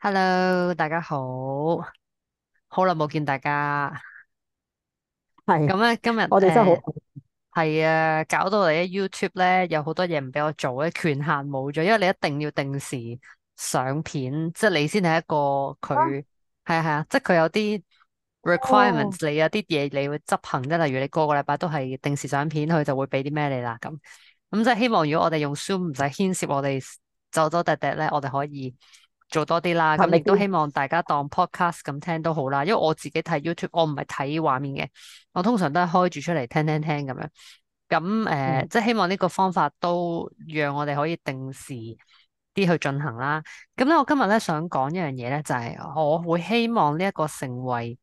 h e l l o 大家好，好耐冇見大家。係咁咧，今日我哋真係好係啊、呃，搞到我喺 YouTube 咧有好多嘢唔俾我做咧，權限冇咗，因為你一定要定時上片，即係你先係一個佢係啊係啊，即係佢有啲 requirements，你、哦、有啲嘢你會執行，即例如你個個禮拜都係定時上片，佢就會俾啲咩你啦咁。咁即係希望，如果我哋用 Zoom 唔使牽涉我哋走走滴滴咧，我哋可以做多啲啦。咁亦都希望大家當 podcast 咁聽都好啦，因為我自己睇 YouTube，我唔係睇畫面嘅，我通常都係開住出嚟，聽聽聽咁樣。咁誒、即係，呃，嗯，希望呢個方法都讓我哋可以定時啲去進行啦。咁咧，我今日咧想講一樣嘢咧，就係、是、我會希望呢一個成為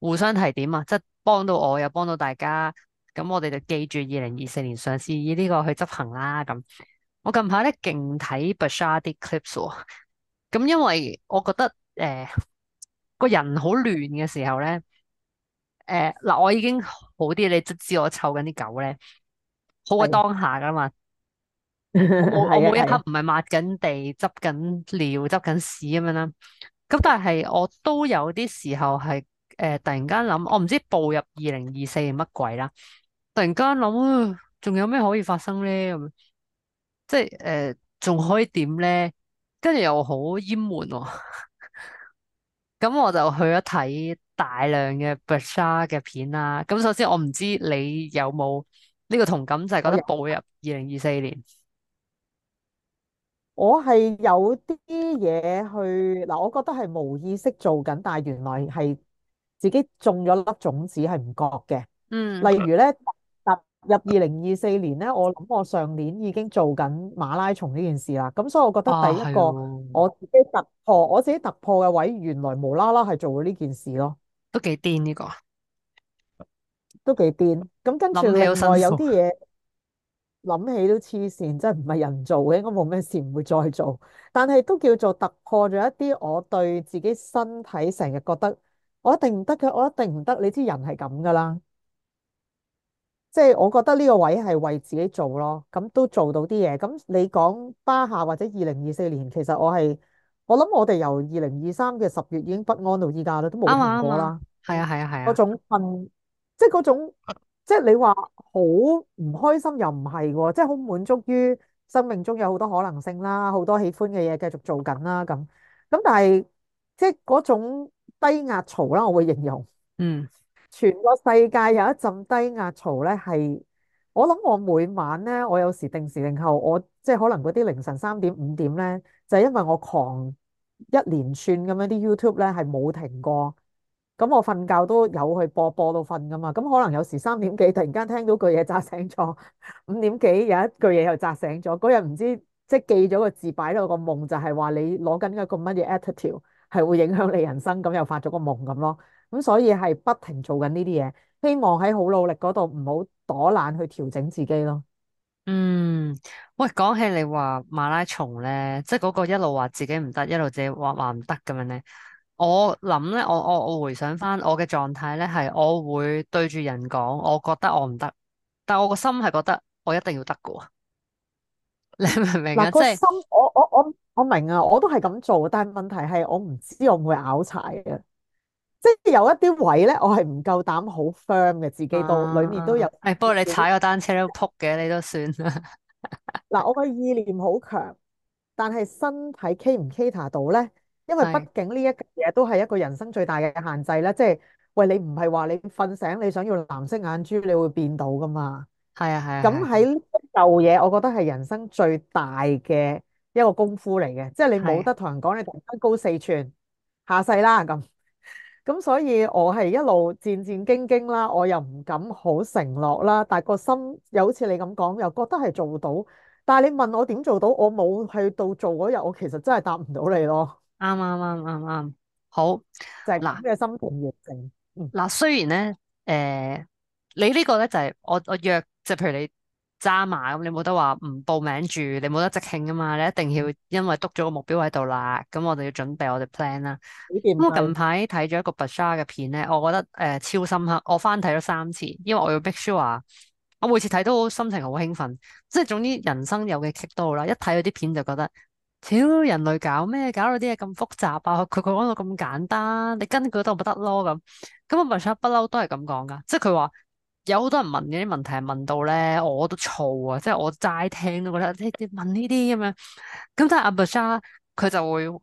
互相提點啊，即係幫到我又幫到大家。咁我哋就記住二零二四年上市，以呢個去執行啦。咁我近排咧，勁睇 Bashar 啲 clips 喎，哦。咁因為我覺得誒、呃、個人好亂嘅時候咧，誒、呃、嗱，我已經好啲。你都知我湊緊啲狗咧，好喺當下噶嘛是的 我。我每一刻唔係抹緊地、執緊尿、執緊屎咁樣啦。咁但係我都有啲時候係誒、呃、突然間諗，我唔知步入二零二四年乜鬼啦。突然間諗啊，仲有咩可以發生咧？咁即係誒，仲可以點咧？跟住又好厭悶喎。咁我就去咗睇大量嘅巴夏嘅片啦。咁首先我唔知你有冇呢個同感，就係覺得步入二零二四年，我係有啲嘢，去嗱，我覺得係冇意識做緊，但係原來係自己種咗粒種子係唔覺嘅。嗯，例如咧。入二零二四年咧，我諗我上年已經做緊馬拉松呢件事啦。咁所以我覺得第一個、啊、我自己突破，我自己突破嘅位，原來無啦啦係做咗呢件事咯。都幾癲呢個？都幾癲。咁跟住另外有啲嘢諗起都黐線，真係唔係人做嘅，應該冇咩事，唔會再做。但係都叫做突破咗一啲我對自己身體成日覺得我一定唔得嘅，我一定唔得。你知人係咁噶啦。即係我覺得呢個位係為自己做咯，咁都做到啲嘢。咁你講巴夏或者二零二四年，其實我係我諗我哋由二零二三嘅十月已經不安到依家啦，都冇緩過啦。係啊係啊係啊，啊！嗰種困，即係嗰種，即係你話好唔開心又唔係喎，即係好滿足於生命中有好多可能性啦，好多喜歡嘅嘢繼續做緊啦咁。咁但係即係嗰種低壓槽啦，我會形容嗯。全個世界有一陣低壓槽咧，係我諗我每晚咧，我有時定時定候，我即係可能嗰啲凌晨三點五點咧，就係因為我狂一連串咁樣啲 YouTube 咧係冇停過，咁我瞓覺都有去播，播到瞓，噶嘛。咁可能有時三點幾突然間聽到句嘢扎醒咗，五點幾有一句嘢又扎醒咗。嗰日唔知即係記咗個字擺到度，個夢就係話你攞緊一個乜嘢 attitude 係會影響你人生，咁又發咗個夢咁咯。咁所以係不停做緊呢啲嘢，希望喺好努力嗰度唔好躲懶去調整自己咯。嗯，喂，講起你話馬拉松咧，即係嗰個一路話自己唔得，一路自己話話唔得咁樣咧。我諗咧，我我我回想翻我嘅狀態咧，係我會對住人講，我覺得我唔得，但我個心係覺得我一定要得噶。你明唔明啊？心即係是我我我我明啊！我都係咁做，但係問題係我唔知我會唔會拗柴啊！即係有一啲位咧，我係唔夠膽好 firm 嘅，自己度裡面都有點點。誒、啊，不、欸、過你踩個單車都僕嘅， 你都算 啦。嗱，我個意念好強，但係身體 cater 唔 cater 到咧？因為畢竟呢一嘢都係一個人生最大嘅限制咧。的即係喂，你唔係話你瞓醒你想要藍色眼珠，你會變到㗎嘛？係啊係啊。咁喺嚿嘢，我覺得係人生最大嘅一個功夫嚟嘅。即係你冇得同人講你突然間高四吋，下世啦咁。咁所以，我係一路戰戰兢兢啦，我又唔敢好承諾啦。但個心又好似你咁講，又覺得係做到。但你問我點做到，我冇去到做嗰日，我其實真係答唔到你咯。啱啱啱啱啱，好就係咁嘅心定症，嗱、啊啊，雖然咧，誒、呃，你呢個咧就係、是、我我約，即係譬如你。揸嘛咁，你冇得話唔報名住，你冇得即興啊嘛！你一定要因為篤咗個目標喺度啦，咁我哋要準備我哋 plan 啦。咁近排睇咗一個 Bashar 嘅片咧，我覺得誒、呃、超深刻，我翻睇咗三次，因為我要 make sure 話我每次睇都心情好興奮。即係總之人生有嘅劇都好啦，一睇咗啲片就覺得，超人類搞咩？搞到啲嘢咁複雜啊！佢講到咁簡單，你跟佢都唔得咯咁。咁個 Bashar 不嬲都係咁講噶，即係佢話。有好多人問嗰啲問題，係問到咧我都燥啊，即係我齋聽都覺得即你、欸、問呢啲咁樣，咁但係阿 Bashar 佢就會話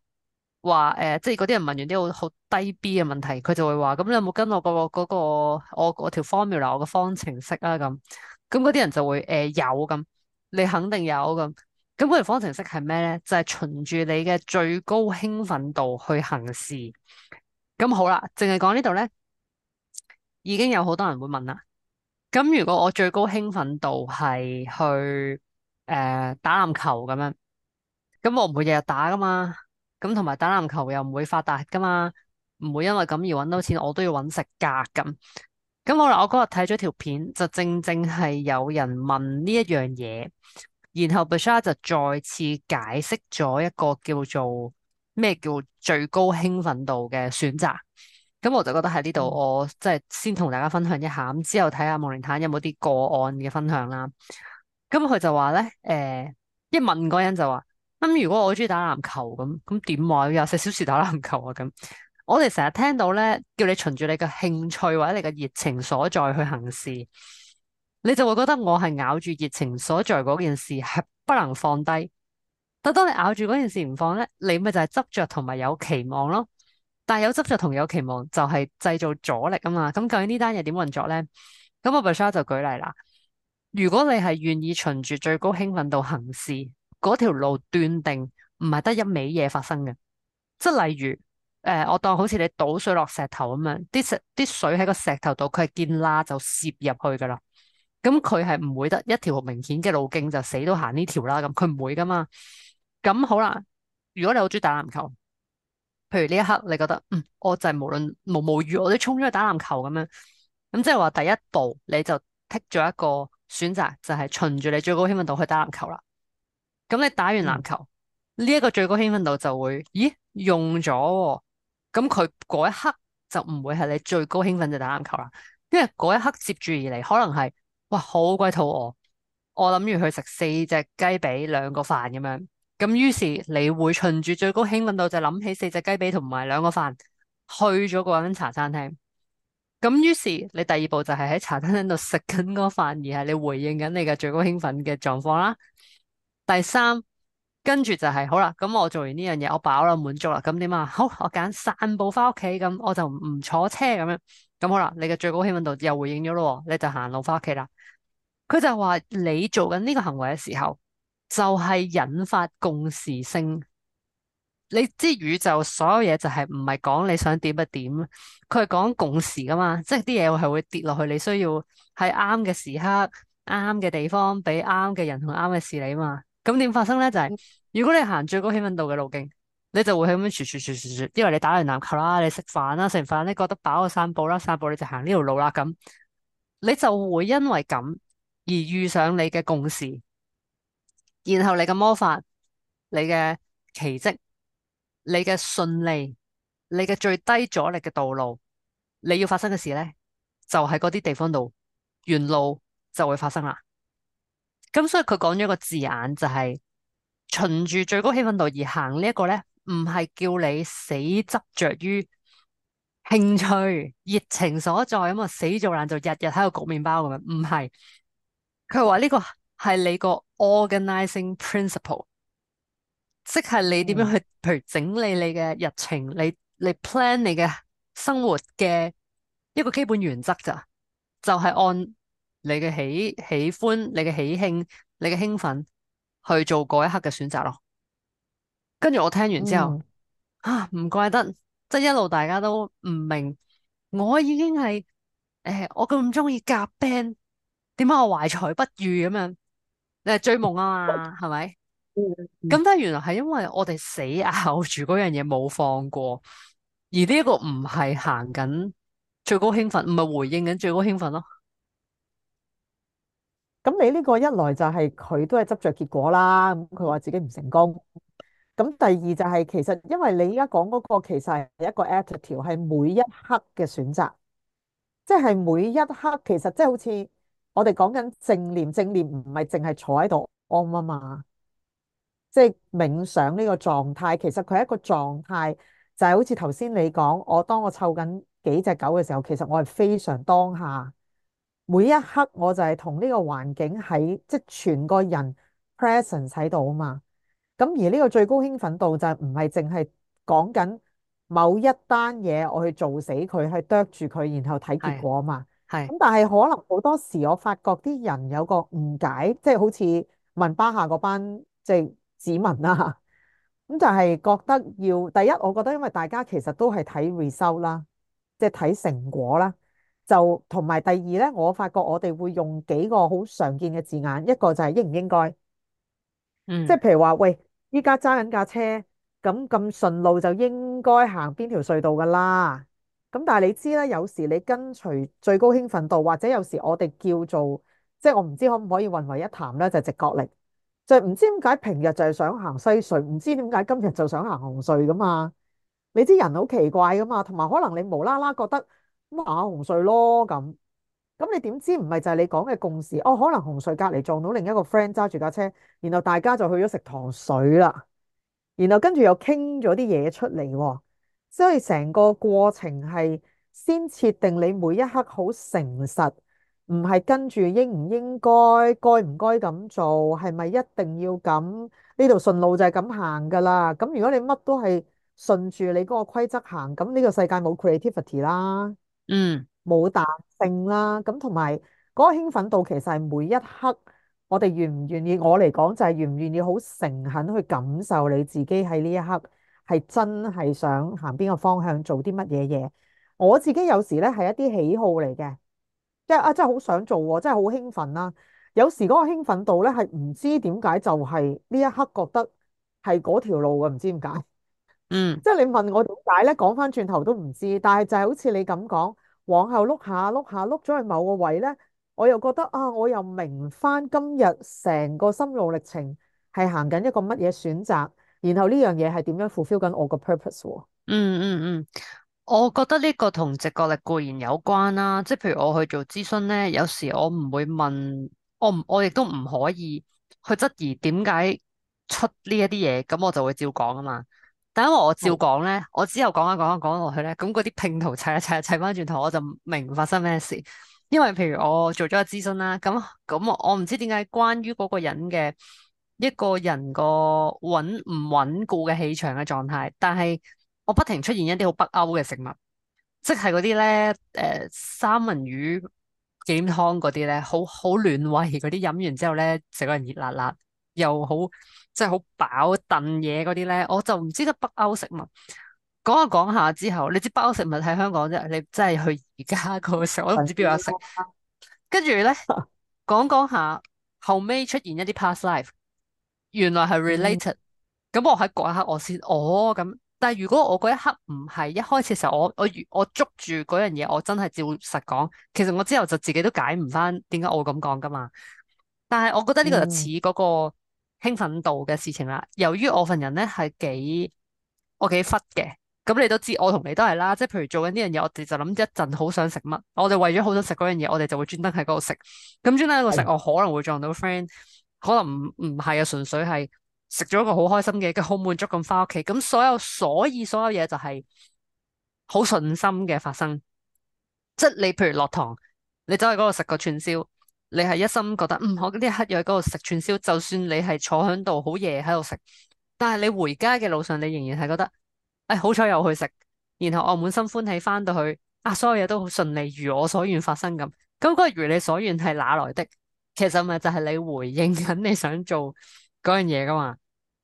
誒、呃，即係嗰啲人問完啲好好低 B 嘅問題，佢就會話咁你有冇跟、那個、那個、我個嗰個我我條 formula 我個方程式啊？咁咁嗰啲人就會誒、呃、有咁，你肯定有咁咁。嗰條方程式係咩咧？就係循住你嘅最高興奮度去行事。咁好啦，淨係講呢度咧，已經有好多人會問啦。咁如果我最高興奮度係去誒、呃、打籃球咁樣，咁我唔會日日打㗎嘛，咁同埋打籃球又唔會發達㗎嘛，唔會因為咁而揾到錢，我都要揾食㗎咁。咁好啦，我嗰日睇咗條片，就正正係有人問呢一樣嘢，然後巴夏就再次解釋咗一個叫做咩叫最高興奮度嘅選擇。咁我就覺得喺呢度，我即係先同大家分享一下，咁之後睇下莫連坦有冇啲個案嘅分享啦。咁佢就話咧，誒、呃，一問嗰人就話咁，嗯，如果我中意打籃球咁，咁點話廿四小時打籃球啊？咁我哋成日聽到咧，叫你循住你嘅興趣或者你嘅熱情所在去行事，你就會覺得我係咬住熱情所在嗰件事係不能放低。但係當你咬住嗰件事唔放咧，你咪就係執着同埋有期望咯。但有執着同有期望，就係、是、製造阻力啊嘛。咁究竟呢單嘢點運作咧？咁我 Bashar 就舉例啦。如果你係願意循住最高興奮度行事，嗰條路斷定唔係得一味嘢發生嘅。即係例如，誒、呃，我當好似你倒水落石頭咁樣，啲石啲水喺個石頭度，佢係見罅就攝入去噶啦。咁佢係唔會得一條明顯嘅路徑就死都行呢條啦。咁佢唔會噶嘛。咁好啦，如果你好中意打籃球。譬如呢一刻，你覺得嗯，我就係無論毛毛雨我都衝出去打籃球咁樣，咁即係話第一步你就剔咗一個選擇，就係、是、循住你最高興奮度去打籃球啦。咁你打完籃球，呢一、嗯、個最高興奮度就會，咦，用咗、哦，咁佢嗰一刻就唔會係你最高興奮就打籃球啦，因為嗰一刻接住而嚟，可能係，哇，好鬼肚餓，我諗住去食四隻雞髀兩個飯咁樣。咁於是你會循住最高興奮度就諗起四隻雞髀同埋兩個飯去咗間茶餐廳。咁於是你第二步就係喺茶餐廳度食緊個飯，而係你回應緊你嘅最高興奮嘅狀況啦。第三，跟住就係好啦。咁我做完呢樣嘢，我飽啦，滿足啦。咁點啊？好，我揀散步翻屋企。咁我就唔坐車咁樣。咁好啦，你嘅最高興奮度又回應咗咯。你就行路翻屋企啦。佢就話你做緊呢個行為嘅時候。就係引發共時性，你知宇宙所有嘢就係唔係講你想點就點，佢係講共時噶嘛，即係啲嘢係會跌落去，你需要喺啱嘅時刻、啱嘅地方，俾啱嘅人同啱嘅事你嘛。咁點發生咧？就係、是、如果你行最高興奮度嘅路徑，你就會喺咁樣傳傳傳傳傳。因為你打完籃球啦，你食飯啦，食完飯你覺得飽，去散步啦，散步你就行呢條路啦，咁你就會因為咁而遇上你嘅共時。然後你嘅魔法、你嘅奇蹟、你嘅順利、你嘅最低阻力嘅道路，你要發生嘅事咧，就喺嗰啲地方度，沿路就會發生啦。咁所以佢講咗一個字眼就係、是、循住最高興奮度而行呢一個咧，唔係叫你死執着於興趣、熱情所在咁啊，因為死做爛做日日喺度焗麵包咁樣，唔係。佢話呢個。係你個 organizing principle，即係你點樣去，譬如整理你嘅日程，你你 plan 你嘅生活嘅一個基本原則咋？就係、是、按你嘅喜喜歡、你嘅喜慶、你嘅興奮去做嗰一刻嘅選擇咯。跟住我聽完之後，嗯、啊，唔怪得，即係一路大家都唔明，我已經係誒，我咁中意夾 band，點解我懷才不遇咁樣？你係追夢啊嘛，係咪？咁 但係原來係因為我哋死咬住嗰樣嘢冇放過，而呢一個唔係行緊最高興奮，唔係回應緊最高興奮咯、啊。咁 你呢個一來就係、是、佢都係執着結果啦，佢話自己唔成功。咁第二就係、是、其實，因為你而家講嗰個其實係一個 attitude，係每一刻嘅選擇，即、就、係、是、每一刻其實即係、就是、好似。我哋講緊正念，正念唔係淨係坐喺度安啊嘛，即係冥想呢個狀態。其實佢係一個狀態，就係好似頭先你講，我當我湊緊幾隻狗嘅時候，其實我係非常當下，每一刻我就係同呢個環境喺，即係全個人 presence 喺度啊嘛。咁而呢個最高興奮度就唔係淨係講緊某一單嘢，我去做死佢，去啄住佢，然後睇結果啊嘛。係但係可能好多時我發覺啲人有個誤解，即係好似文巴夏嗰班即係市民啦，咁就係覺得要第一，我覺得因為大家其實都係睇 result 啦，即係睇成果啦，就同埋第二呢，我發覺我哋會用幾個好常見嘅字眼，一個就係應唔應該，即係、嗯、譬如話喂，依家揸緊架車咁咁順路就應該行邊條隧道噶啦。咁但係你知啦，有時你跟隨最高興奮度，或者有時我哋叫做即係我唔知可唔可以混為一談咧，就係、直覺力。就係、係、唔知點解平日就係想行西隧，唔知點解今日就想行紅隧噶嘛？你知人好奇怪噶嘛？同埋可能你無啦啦覺得乜行紅隧咯咁，咁你點知唔係就係你講嘅共事哦？可能紅隧隔籬撞到另一個 friend 揸住架車，然後大家就去咗食糖水啦，然後跟住又傾咗啲嘢出嚟、哦。所以成個過程係先設定你每一刻好誠實，唔係跟住應唔應該、該唔該咁做，係咪一定要咁？呢度順路就係咁行噶啦。咁如果你乜都係順住你嗰個規則行，咁呢個世界冇 creativity 啦，嗯，冇彈性啦。咁同埋嗰個興奮度，其實係每一刻我哋願唔願意，我嚟講就係願唔願意好誠懇去感受你自己喺呢一刻。係真係想行邊個方向做啲乜嘢嘢？我自己有時咧係一啲喜好嚟嘅，即係啊，真係好想做，啊，真係好興奮啦，啊！有時嗰個興奮度咧係唔知點解就係呢一刻覺得係嗰條路嘅，唔知點解。嗯，即係你問我點解咧？講翻轉頭都唔知。但係就係好似你咁講，往後碌下碌下碌咗去某個位咧，我又覺得啊，我又明翻今日成個心路歷程係行緊一個乜嘢選擇。然後呢樣嘢係點樣 fulfill 緊我個 purpose？嗯嗯嗯，我覺得呢個同直覺力固然有關啦，即係譬如我去做諮詢咧，有時我唔會問，我唔我亦都唔可以去質疑點解出呢一啲嘢，咁我就會照講啊嘛。但因為我照講咧，我之後講一講一講落去咧，咁嗰啲拼圖砌一砌啊砌翻轉頭，我就明發生咩事。因為譬如我做咗個諮詢啦，咁咁我唔知點解關於嗰個人嘅。一個人個穩唔穩固嘅氣場嘅狀態，但係我不停出現一啲好北歐嘅食物，即係嗰啲咧，誒、呃、三文魚健康嗰啲咧，好好暖胃嗰啲，飲完之後咧成個人熱辣辣，又好即係好飽燉嘢嗰啲咧，我就唔知得北歐食物講下講下之後，你知北歐食物喺香港啫，你真係去而家個食我都唔知邊度食，跟住咧講講下後尾出現一啲 past life。原來係 related，咁、嗯、我喺嗰一刻我先哦，咁，但係如果我嗰一刻唔係一開始嘅時候，我我我捉住嗰樣嘢，我真係照實講，其實我之後就自己都解唔翻點解我會咁講噶嘛？但係我覺得呢個就似嗰個興奮度嘅事情啦。嗯、由於我份人咧係幾我幾忽嘅，咁你都知我同你都係啦。即係譬如做緊呢樣嘢，我哋就諗一陣好想食乜，我哋為咗好想食嗰樣嘢，我哋就會專登喺嗰度食。咁專登喺度食，我可能會撞到 friend。可能唔唔係啊，純粹係食咗一個好開心嘅，跟住好滿足咁翻屋企。咁所有所以所有嘢就係好順心嘅發生。即係你譬如落堂，你走去嗰度食個串燒，你係一心覺得嗯，我呢一刻又喺嗰度食串燒。就算你係坐喺度好夜喺度食，但係你回家嘅路上，你仍然係覺得誒，哎、好彩又去食。然後我滿心歡喜翻到去，啊，所有嘢都好順利，如我所願發生咁。咁、那、嗰個如你所願係哪來的？其實咪就係你回應緊你想做嗰樣嘢㗎嘛，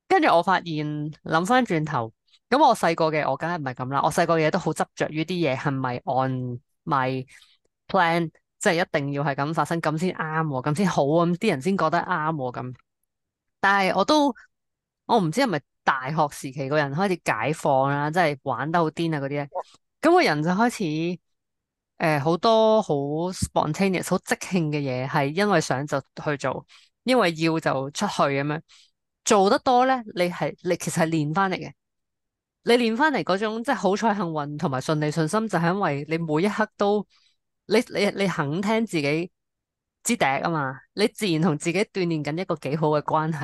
跟住我發現諗返轉頭，咁我細個嘅我梗係唔係咁啦，我細個嘅嘢都好執着於啲嘢係咪 on my plan，即係一定要係咁發生咁先啱，咁先、啊、好，咁啲人先覺得啱咁、喎。但係我都我唔知係咪大學時期個人開始解放啦、啊，即係玩得好癲啊嗰啲咧，咁個人就開始。誒，好多好 spontaneous 好即興嘅嘢，係因為想就去做，因為要就出去咁樣做得多咧，你係你其實係練翻嚟嘅。你練翻嚟嗰種即係好彩、幸運同埋順利、信心，就係因為你每一刻都你你你肯聽自己支笛啊嘛，你自然同自己鍛鍊緊一個幾好嘅關係。誒、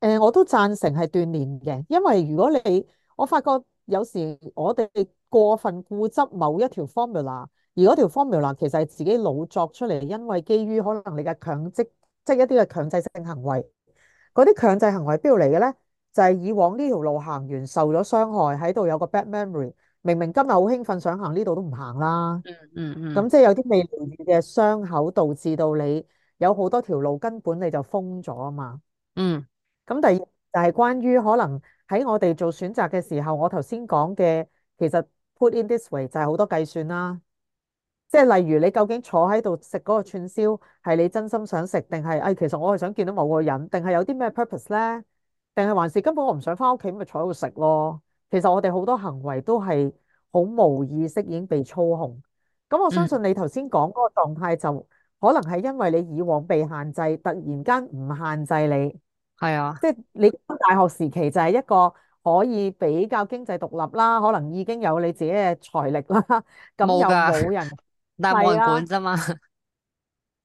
呃，我都贊成係鍛鍊嘅，因為如果你我發覺。有時我哋過分固執某一條 formula，而嗰條 formula 其實係自己老作出嚟，因為基於可能你嘅強積，即係一啲嘅強制性行為。嗰啲強制行為邊度嚟嘅咧？就係以往呢條路行完受咗傷害，喺度有個 bad memory。明明今日好興奮想行呢度都唔行啦。嗯嗯嗯。咁即係有啲未療癒嘅傷口，導致到你有好多條路根本你就封咗啊嘛。嗯、mm。咁第二就係關於可能。喺我哋做選擇嘅時候，我頭先講嘅其實 put in this way 就係好多計算啦。即係例如你究竟坐喺度食嗰個串燒，係你真心想食定係？誒、哎，其實我係想見到某個人，定係有啲咩 purpose 呢？定係還是根本我唔想翻屋企，咪坐喺度食咯？其實我哋好多行為都係好無意識已經被操控。咁我相信你頭先講嗰個狀態，就可能係因為你以往被限制，突然間唔限制你。係啊，即係你大學時期就係一個可以比較經濟獨立啦，可能已經有你自己嘅財力啦，咁又冇人，但係冇人管啫嘛。咁，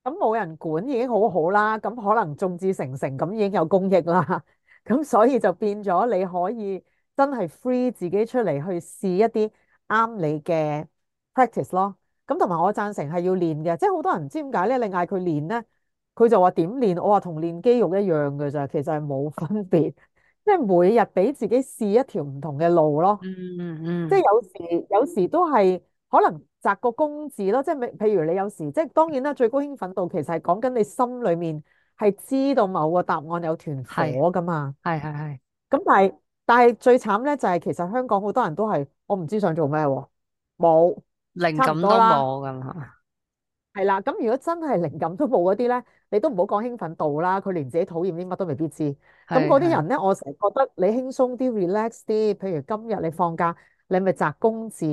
啊，冇人管已經好好啦，咁可能眾志成城，咁已經有公益啦。咁所以就變咗你可以真係 free 自己出嚟去試一啲啱你嘅 practice 咯。咁同埋我贊成係要練嘅，即係好多人唔知點解咧，你嗌佢練咧。佢就話點練？我話同練肌肉一樣嘅咋，其實係冇分別，即係每日俾自己試一條唔同嘅路咯。嗯嗯嗯，嗯即係有時有時都係可能擲個公字咯。即係譬如你有時即係當然啦，最高興奮度其實係講緊你心裏面係知道某個答案有團火㗎嘛。係係係。咁但係但係最慘咧就係其實香港好多人都係我唔知想做咩喎，冇靈感都冇㗎嘛。係啦，咁如果真係靈感都冇嗰啲咧。你都唔好講興奮度啦，佢連自己討厭啲乜都未必知。咁嗰啲人呢，我成日覺得你輕鬆啲、relax 啲。譬如今日你放假，你咪摘公字，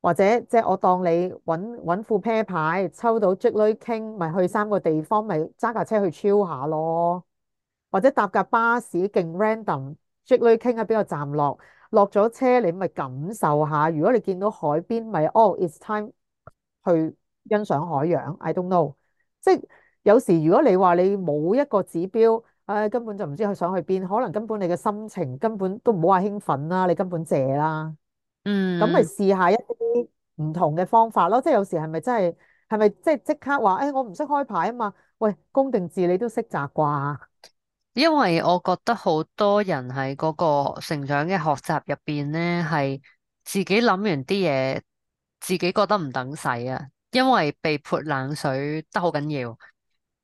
或者即係、就是、我當你揾揾副 pair 牌，抽到 Jack lady King，咪去三個地方，咪揸架車去超下咯。或者搭架巴，巴士勁 random，Jack lady King，喺邊個站落，落咗車你咪感受下。如果你見到海邊，咪哦、oh，it's time 去欣賞海洋。I don't know，即有時如果你話你冇一個指標，唉、哎，根本就唔知佢想去邊，可能根本你嘅心情根本都唔好話興奮啦，你根本借啦，嗯，咁咪試下一啲唔同嘅方法咯。即係有時係咪真係，係咪即係即刻話，誒、哎，我唔識開牌啊嘛？喂，公定字你都識習啩？因為我覺得好多人喺嗰個成長嘅學習入邊咧，係自己諗完啲嘢，自己覺得唔等使啊，因為被潑冷水得好緊要。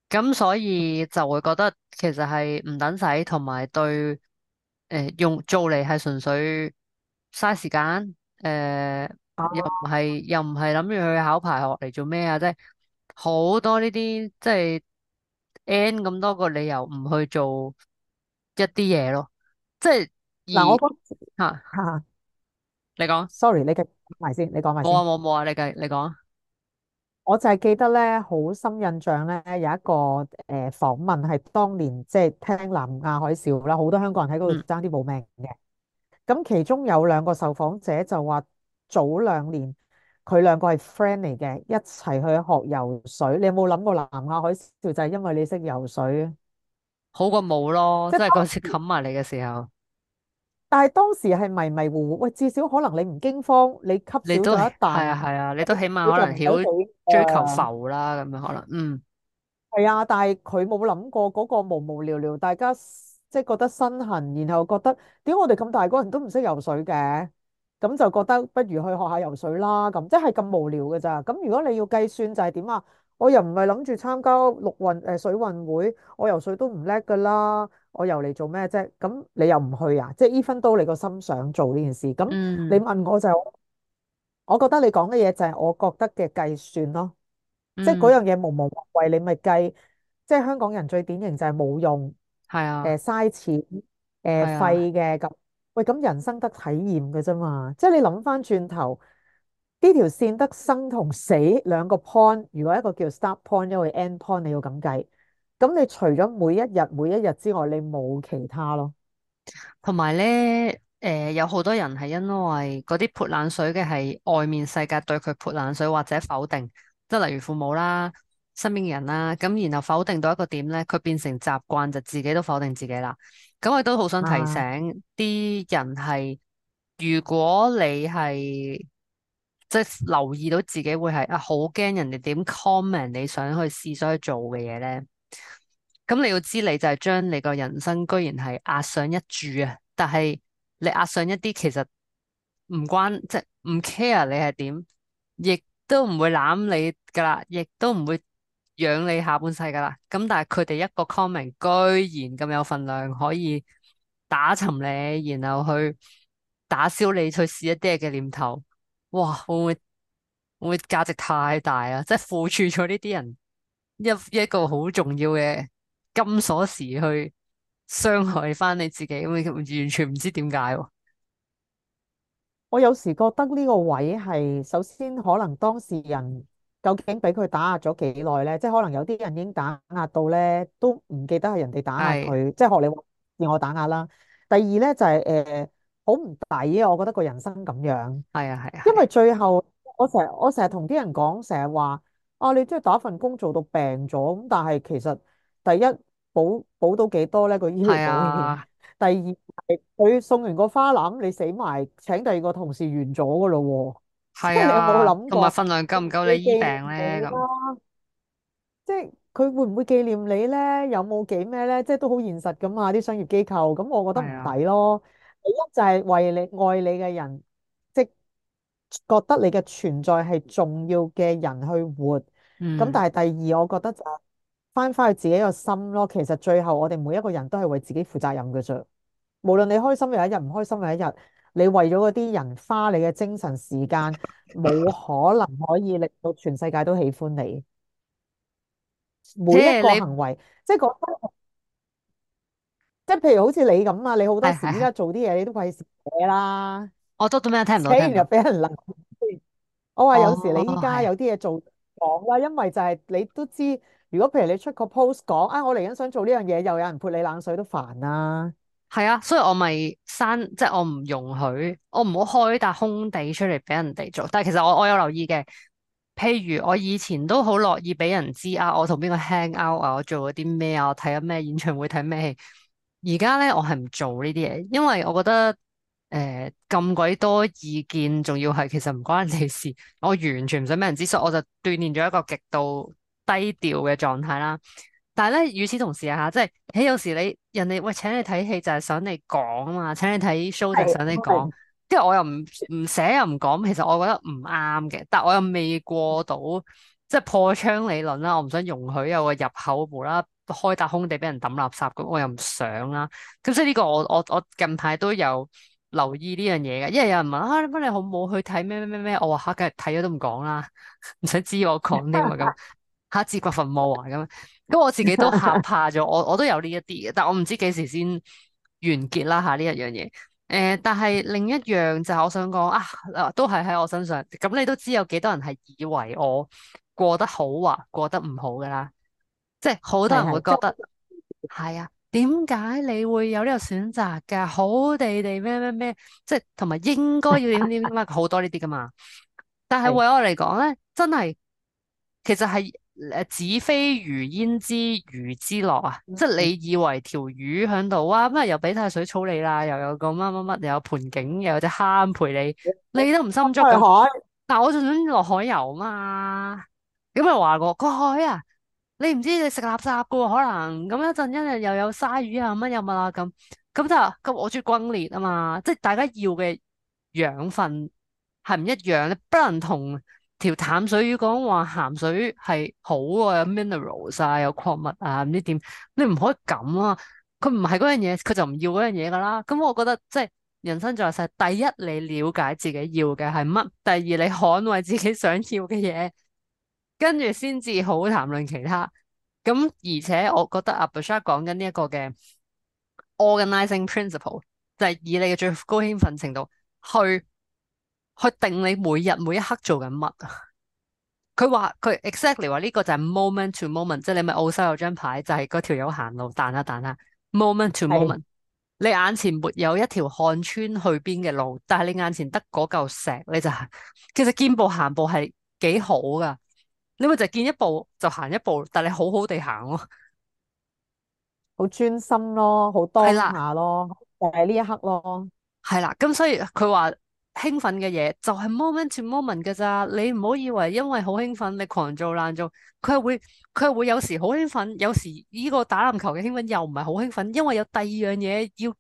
咁所以就會覺得其實係唔等使，同埋對誒、呃、用做嚟係純粹嘥時間，誒、呃、又唔係、啊、又唔係諗住去考牌學嚟做咩啊？即係好多呢啲即係 N 咁多個理由唔去做一啲嘢咯。即係嗱，我講嚇你講。Sorry，你嘅講埋先，你講埋。冇啊冇啊，你嘅你講。你我就係記得咧，好深印象咧，有一個誒、呃、訪問係當年即係聽南亞海嘯啦，好多香港人喺嗰度爭啲冇命嘅。咁其中有兩個受訪者就話，早兩年佢兩個係 friend 嚟嘅，一齊去學游水。你有冇諗過南亞海嘯就係、係、因為你識游水？好過冇咯，即係嗰次冚埋嚟嘅時候。但係當時係迷迷糊糊，喂，至少可能你唔驚慌，你吸少咗一啖。係啊，係啊，你都起碼可能曉追求浮啦，咁樣可能。嗯，係、嗯、啊，但係佢冇諗過嗰個無無聊聊，大家即係覺得身痕，然後覺得點解我哋咁大個人都唔識游水嘅？咁就覺得不如去學下游水啦。咁即係咁無聊嘅咋？咁如果你要計算就係點啊？我又唔係諗住參加陸運誒水運會，我游水都唔叻噶啦我又嚟做咩啫？咁你又唔去啊？即係 even 都你個心想做呢件事。咁你問我就，我覺得你講嘅嘢就係我覺得嘅計算咯。即係嗰樣嘢無毛無貴，你咪計。即係香港人最典型就係冇用，係啊，誒嘥錢，誒廢嘅。咁喂，咁人生得體驗嘅啫嘛。即係你諗翻轉頭，呢條線得生同死兩個 point。如果一個叫 start point，因為 end point，你要咁計。咁你除咗每一日每一日之外，你冇其他咯。同埋咧，誒、呃，有好多人係因為嗰啲潑冷水嘅，係外面世界對佢潑冷水或者否定，即係例如父母啦、身邊嘅人啦，咁然後否定到一個點咧，佢變成習慣就自己都否定自己啦。咁我都好想提醒啲、啊、人係，如果你係即係留意到自己會係啊，好驚人哋點 comment 你想去試想去做嘅嘢咧。咁你要知，你就係將你個人生居然係壓上一注啊！但係你壓上一啲，其實唔關即係唔 care 你係點，亦都唔會攬你噶啦，亦都唔會養你下半世噶啦。咁但係佢哋一個 comment 居然咁有份量，可以打沉你，然後去打消你去試一啲嘅念頭，哇！會唔會會唔會價值太大啊？即係付出咗呢啲人。一一個好重要嘅金鎖匙去傷害翻你自己，咁完全唔知點解喎。我有時覺得呢個位係，首先可能當事人究竟俾佢打壓咗幾耐咧？即係可能有啲人已經打壓到咧都唔記得係人哋打壓佢，是即係學你自我打壓啦。第二咧就係誒好唔抵啊！我覺得個人生咁樣，係啊係啊，啊啊因為最後我成我成日同啲人講，成日話。啊！你即係打份工做到病咗咁，但係其實第一保保到幾多咧個醫療保險？第二係佢送完個花籃，你死埋請第二個同事完咗噶咯喎。係啊，你有冇諗過，同埋分量夠唔夠你醫病咧？咁即係佢會唔會紀念你咧？有冇幾咩咧？即係都好現實噶嘛，啲商業機構咁，我覺得唔抵咯。第一就係為你愛你嘅人，覺得你嘅存在係重要嘅人去活，咁、嗯、但係第二，我覺得就翻翻去自己個心咯。其實最後我哋每一個人都係為自己負責任嘅啫。無論你開心有一日，唔開心有一日，你為咗嗰啲人花你嘅精神時間，冇可能可以令到全世界都喜歡你。每一個行為，即係講真，即係譬如好似你咁啊，你好多時而家做啲嘢，是是你都為食嘢啦。我都做咩聽唔到？又俾人鬧。我話有時你依家有啲嘢，做講啦，oh, oh, oh, 因為就係你都知，如果譬如你出個 post 講啊，我嚟緊想做呢樣嘢，又有人潑你冷水都煩啦。係啊，所以我咪刪，即係我唔容許，我唔好開笪空地出嚟俾人哋做。但係其實我我有留意嘅，譬如我以前都好樂意俾人知啊，我同邊個 hang out 啊，我做咗啲咩啊，我睇下咩演唱會，睇咩戲。而家咧，我係唔做呢啲嘢，因為我覺得。誒，咁鬼、呃、多意見，仲要係其實唔關你事，我完全唔想俾人知，所以我就鍛煉咗一個極度低調嘅狀態啦。但係咧，與此同時啊吓，即係你有時你人哋喂請你睇戲就係想你講啊嘛，請你睇 show 就想你講，即係我又唔唔寫又唔講，其實我覺得唔啱嘅。但我又未過到即係破窗理論啦，我唔想容許有個入口啦，開笪空地俾人抌垃圾咁，我又唔想啦。咁所以呢個我我我近排都有，留意呢樣嘢嘅，因為有人問啊，你乜你好冇去睇咩咩咩咩？我話吓，梗係睇咗都唔講啦，唔使知我講啲乜咁，吓自掘墳墓啊咁。咁我自己都吓怕咗，我我都有呢一啲嘅，但係我唔知幾時先完結啦吓呢一樣嘢。誒、呃，但係另一樣就係我想講啊，都係喺我身上。咁你都知有幾多人係以為我過得好啊，過得唔好噶啦，即係好多人會覺得係啊。的的點解你會有呢個選擇㗎？好地地咩咩咩，即係同埋應該要點點點，好多呢啲㗎嘛？但係為我嚟講咧，真係其實係誒子非魚焉知魚之樂啊！嗯、即係你以為條魚喺度啊，咁又俾曬水草你啦，又有個乜乜乜，又有盆景，又有隻蝦陪你，嗯、你都唔心足㗎。海但係我仲想落海遊嘛？有咪人話過個海啊？你唔知你食垃圾噶喎，可能咁一陣一陣又有鯊魚啊，乜又乜啊咁，咁就咁我鍾意轟烈啊嘛，即係大家要嘅養分係唔一樣，你不能同條淡水魚講話鹹水係好啊，有 mineral 晒啊，有礦物啊，唔知點，你唔可以咁啊，佢唔係嗰樣嘢，佢就唔要嗰樣嘢噶啦。咁我覺得即係人生在世，第一你了解自己要嘅係乜，第二你捍衞自己想要嘅嘢。跟住先至好談論其他，咁而且我覺得阿 Bashar 講緊呢一個嘅 organizing principle，就係以你嘅最高興奮程度去去定你每日每一刻做緊乜。佢 話佢 exactly 話呢個就係 mom moment，就是啊啊啊、moment to moment，即係你咪澳洲有張牌，就係嗰條友行路彈下彈下，moment to moment。你眼前沒有一條看穿去邊嘅路，但係你眼前得嗰嚿石，你就其實見步行步係幾好㗎。你咪就見一步就行一步，但係好好地行咯，啊，好專心咯，好當下咯，的就喺呢一刻咯，係啦。咁所以佢話興奮嘅嘢，就係 moment to moment 㗎咋，你唔好以為因為好興奮你狂做爛做，佢係會佢係會有時好興奮，有時呢個打籃球嘅興奮又唔係好興奮，因為有第二樣嘢要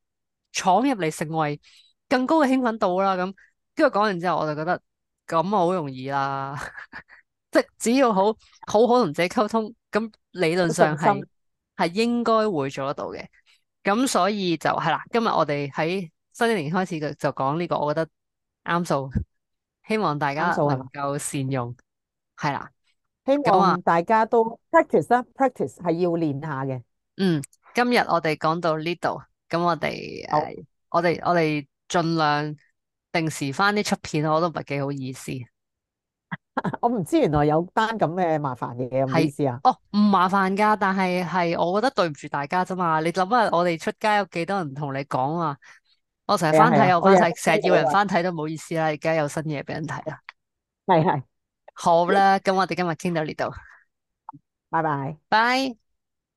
闖入嚟，成為更高嘅興奮度啦。咁，跟住講完之後，我就覺得咁啊，好容易啦。 只要好好好同自己溝通，咁理論上係係心應該會做得到嘅。咁所以就係啦，今日我哋喺新一年開始就講呢、這個，我覺得啱數，希望大家能夠善用。係啦好，了希望大家都、啊、practice 啦，practice 係要練下嘅。嗯，今日我哋講到呢度，咁我哋係好、呃、我哋我哋盡量定時翻啲出片，我都唔係幾好意思。我唔知原來有單咁嘅麻煩嘅嘢咁意思啊？哦，唔麻煩噶，但係，係我覺得對唔住大家咋嘛。你諗下，我哋出街有幾多人同你講啊？我成日翻睇，又翻睇，成日要人翻睇都唔好意思啦。而家有新嘢俾人睇啊，係係。好啦，咁我哋今日傾到呢度，拜拜，拜。